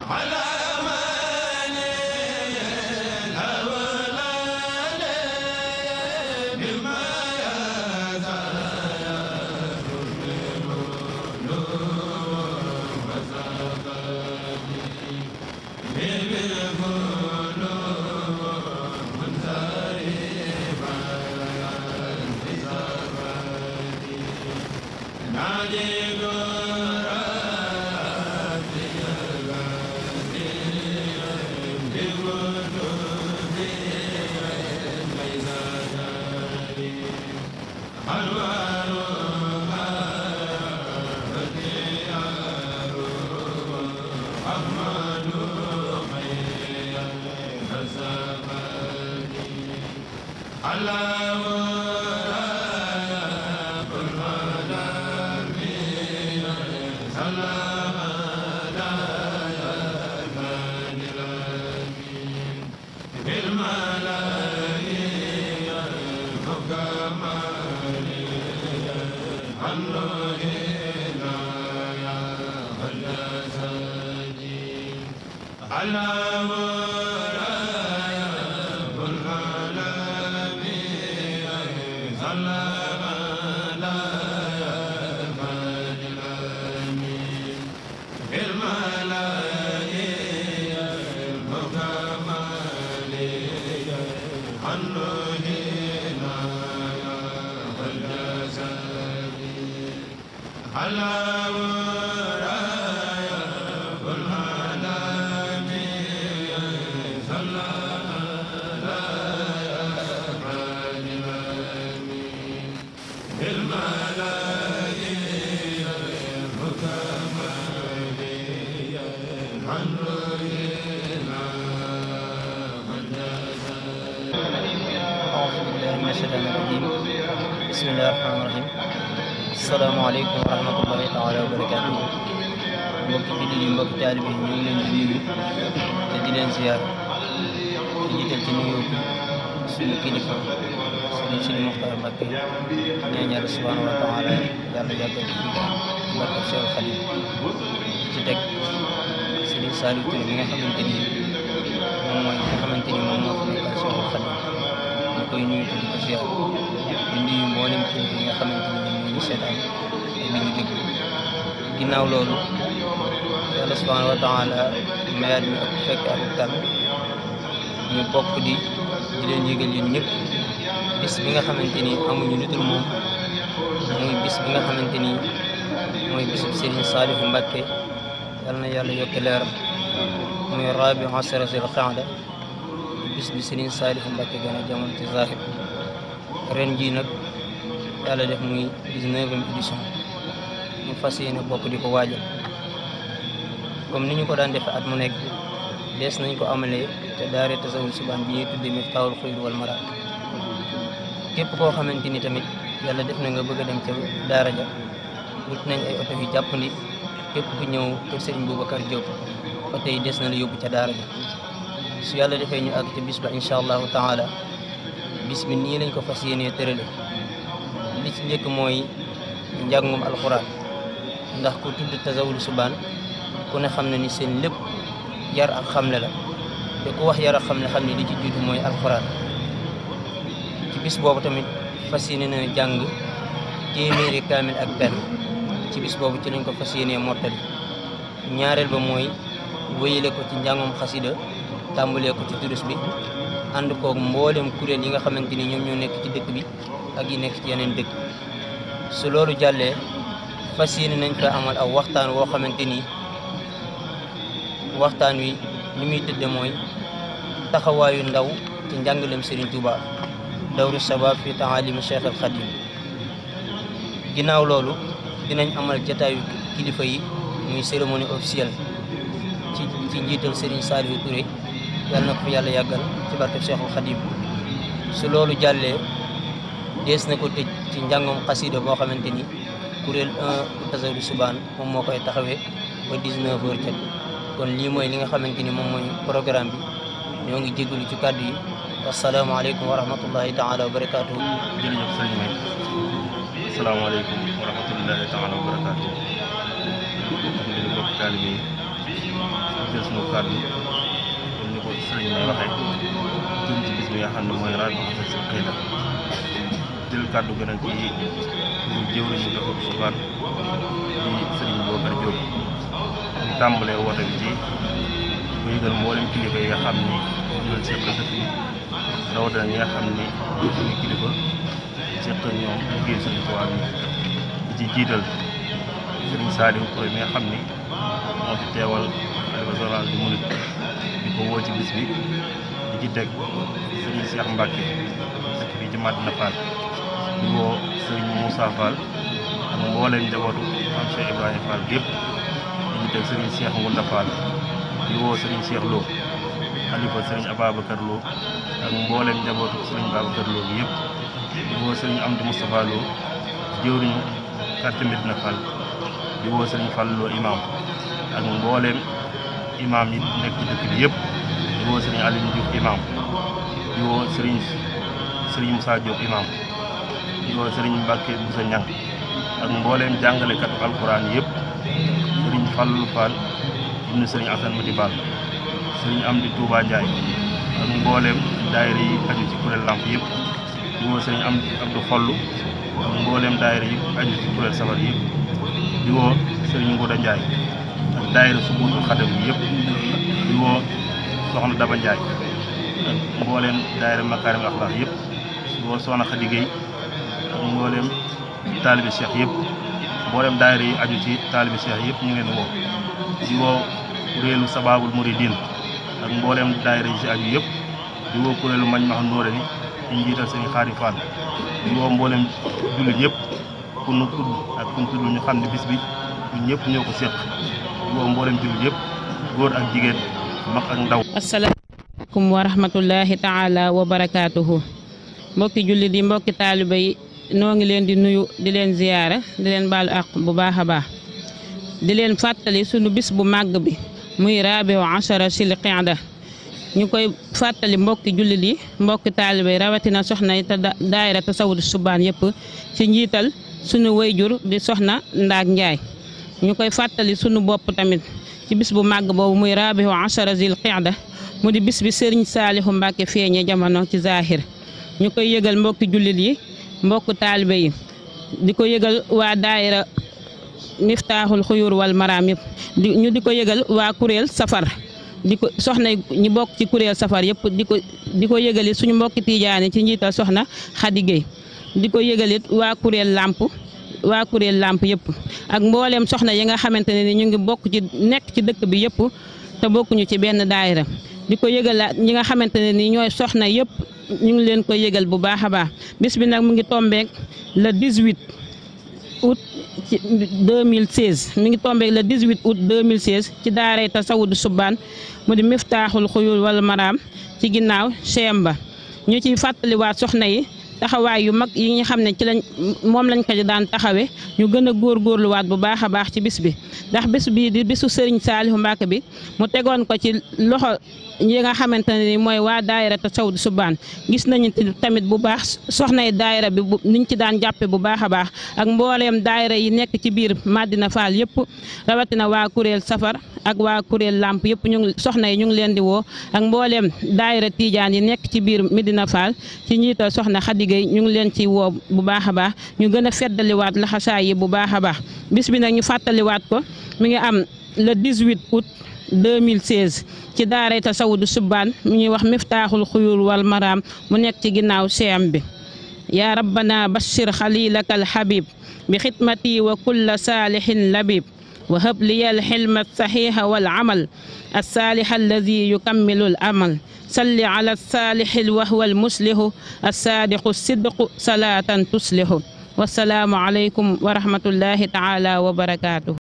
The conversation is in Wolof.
I 알라우 الشيطان الرجيم بسم الله الرحمن الرحيم السلام عليكم ورحمة الله تعالى وبركاته وقت في اليوم وقت على به نيول الجديد تجد الزيارة تجد التنويوك سنو كيلفا سنو سنو مختار مكة نعني رسوان الله تعالى يارد يارد الجديد مركب شعر خليل ستك سنو سالو تنويوك من تنويوك ممو انتحمن تنويوك من تنويوك من تنويوك من تنويوك من تنويوك من تنويوك من تنويوك من تنويوك من تنويوك من تنويوك من تنويوك من تنويوك من تنويوك من تنويوك من تنويوك من تنويوك من تنويوك من تنويوك koy nuyu di ko ziar di nuyu mboolem kilifa yi nga xamante ni ñoom ñu seetaan di ñu déglu ginnaaw loolu yàlla subhanahu wa taala mayaat ñu ak fekk ak tal ñu bokk di di leen yëgal yéen ñëpp bis bi nga xamante ni amuñu lu dul moom mooy bis bi nga xamante ni mooy bisub Serigne Saliou Mbacké yal na yàlla yokk leeram muy rabi asra zil qaada bis bi Serigne Saliou Mbacké gën a jamono ci zahir ren jii nag yàlla def muy dix-neuvième édition ñu fas yéene bokk di ko waajal comme ni ñu ko daan def at mu nekk dees nañ ko amalee te daare tasawul subaan bi ñuy tuddee mi taawul xuyr wal maraat képp koo xamante ni tamit yàlla def na nga bëgg a dem ca daara ja wut nañ ay oto yu jàppandi képp ku ñëw kër Serigne Boubacar Diop oto yi des na la yóbbu ca daara ja su yàlla defee ñu ak te bis ba incha allahu taala bis bi nii lañ ko fas yéenee tërale li ci njëkk mooy njàngum alxuraan ndax ku tudd tasawul subaan ku ne xam na ni seen lépp yar ak xamle la te ku wax yar ak ne xam ne li ci jiitu mooy alxuraan ci bis boobu tamit fas yéene na jàng téeméeri kaamil ak benn ci bis boobu ci lañ ko fas yéenee mottali ñaareel ba mooy wéyale ci njàngum xasida tàmbalee ko ci turist bi ànd koog mbooleem kuréel yi nga xamante ni ñoom ñoo nekk ci dëkk bi ak yi nekk ci yeneen dëkk su loolu jàllee fas yéene nañ fa amal aw waxtaan woo xamante ni waxtaan wi li muy tëdde mooy taxawaayu ndaw ci njàngalem Serigne Touba dawru sabab fi taalimi Cheikh al Khadim ginnaaw loolu dinañ amal jataayu kilifa yi muy cérémonie officielle ci ci njiital Serigne Saliou Touré yàlla na ko yàlla yàggal ci barke Cheikhul Khadim su loolu jàllee dees na ko tëj ci njàngum xasida boo xamante ni kuréel 1 tasawdu subaan moom moo koy taxawee ba 19 heures jot kon lii mooy li nga xamante ni moom mooy programme bi ñoo ngi jégalu ci kàddu yi asalaamaaleykum wa rahmatullahi taala wa barakaatu. jërëjëf sëñ bi asalaamaaleykum wa rahmatullahi taala wa barakaatu. mbokk taalibe yi des na kàddu xam ne mooy Rabihatul Faqida jël kàddu gën a ci ñu jëwriñu doxu Sufaan bi xam ni ñoom seq dëkk bi rawatina ñi nga xam ni ci jiital Sëriñ Saaliw Kuré mi xam ni moo fi teewal xalifa général di murit di ko woo ci gis bi di ci teg sëriñ Cheikh Mbacke dëkk fii ci Madina Fall di woo sëriñ Moussa Fall ak mbooleem njabootu am Cheikh Ibrahima Fall gépp di sëriñ Cheikh Ngunda Fall di woo sëriñ Cheikh xalifa sëriñ Ababacar Lo ak mbooleem njabootu sëriñ Babacar Lo bi yëpp sëriñ Amdi Moustapha Lo jëwriñu quartier Medina Fall di sëriñ Fall Lo ak mbooleem imam yi nekk ci dëkk woo sëriñ Aliou Diouf imam di woo sëriñ sëriñ Moussa Diop imam di woo sëriñ Mbacke ak mbooleem jàngalekatu alquran yëpp sëriñ Fallou Fall ibnu sëriñ Assane Mati Ball sëriñ ak mbooleem daayira yi aju ci kuréel lamp yëpp di woo am Abdou Xollu ak mbooleem daayira yi aju ci kuréel safar yëpp di woo sëriñ Ngouda Ndiaye ak daayira su buntu xadam bi soxna Daba Ndiaye ak mbooleem daayira yëpp mbooleem soxna Xadi Géey ak mbooleem taalibi yëpp mbooleem daayira leen woo di woo kuréelu Sabaabul Muridiin ak mbooleem daayira yi si aju mañ max nóore ni njiital sëñ Xaari Fall di woo mbooleem jullit ñëpp ku nu ak ku ñu xam bis bi ñëpp ñoo ko séq di woo mbooleem jullit yëpp góor ak jigéen mag ak ndaw asalaamaaleykum taala wa mbokki jullit yi mbokki taaliba yi noo ngi leen di nuyu di leen ziyaara di leen baalu àq bu baax a baax di leen fàttali sunu bis bu màgg bi muy rabiu achara sil qinda ñu koy fàttali mbokki jullit yi mbokki taaliba yi rawatina soxna yi te daayira tasawudu subaan yëpp ci njiital sunu wayjur di soxna Ndaak Njaay ñu koy fàttali sunu bopp tamit ci bis bu mag bobu muy raabihu achara zil qida mu di bis bi sëriñ saalihu mbàkke feeñe jamono ci zahir ñukoy yëgal mbokk julit yi mbokk talibe yi diko yëgal wa daaira miftaaxul khuyur wal maramib ñu diko yëgal wa kurel safar diko soxna ñi bok ci kurel safar yep diko diko di suñu mbokk tidiane ci njiital soxna khadige diko yëgalit waa làmp waa kuréel làmp yëpp ak mbooleem soxna yi nga xamante ne ni ñu ngi bokk ci nekk ci dëkk bi yëpp te bokkuñu ci benn daayira di ko yëgal ñi nga xamante ne ni ñooy soxna yëpp ñu ngi leen ko yëgal bu baax a baax bis bi nag mu ngi tombeek le 18 août ci 2016 mi ngi tombeek le 18 août 2016 ci daaray Tasawudu Subaan mu di Miftaaxul Xuyul walla Maraam ci ginnaaw ba ñu ciy fàttaliwaat soxna yi taxawaay yu mag yi nga xam ne ci lañ moom lañ ko daan taxawee ñu gën a góorgóorluwaat bu baax a baax ci bis bi ndax bis bii di bisu Serigne Saliou Mbacké bi mu tegoon ko ci loxo yi nga xamante ne mooy waa daayira te saw di subaan gis nañu tamit bu baax soxna yi daayira bi niñ ci daan jàppe bu baax a baax ak mbooleem daayira yi nekk ci biir Madina faal yëpp rawatina waa kuréel safar ak wa kurel làmp yep ñu soxna yi ñu ngi leen di wo ak mbollem daaira tidiane yi nekk ci bir Medina Fall ci njiital soxna Khady ñu ngi leen ci wo bu baax baax ñu fédali waat la laxasaay yi bu baax baax bis bi nak ñu waat ko mi ngi am le 18 août 2016 ci daaray tasawudu subban mi ngi wax miftahul khuyur wal maram mu nekk ci ginaaw CM bi يا ربنا bashir خليلك الحبيب بخدمتي وكل صالح لبيب labib وهب لي الحلم الصحيح والعمل الصالح الذي يكمل الأمل صل على الصالح وهو المسلح الصادق الصدق صلاة تصلح والسلام عليكم ورحمة الله تعالى وبركاته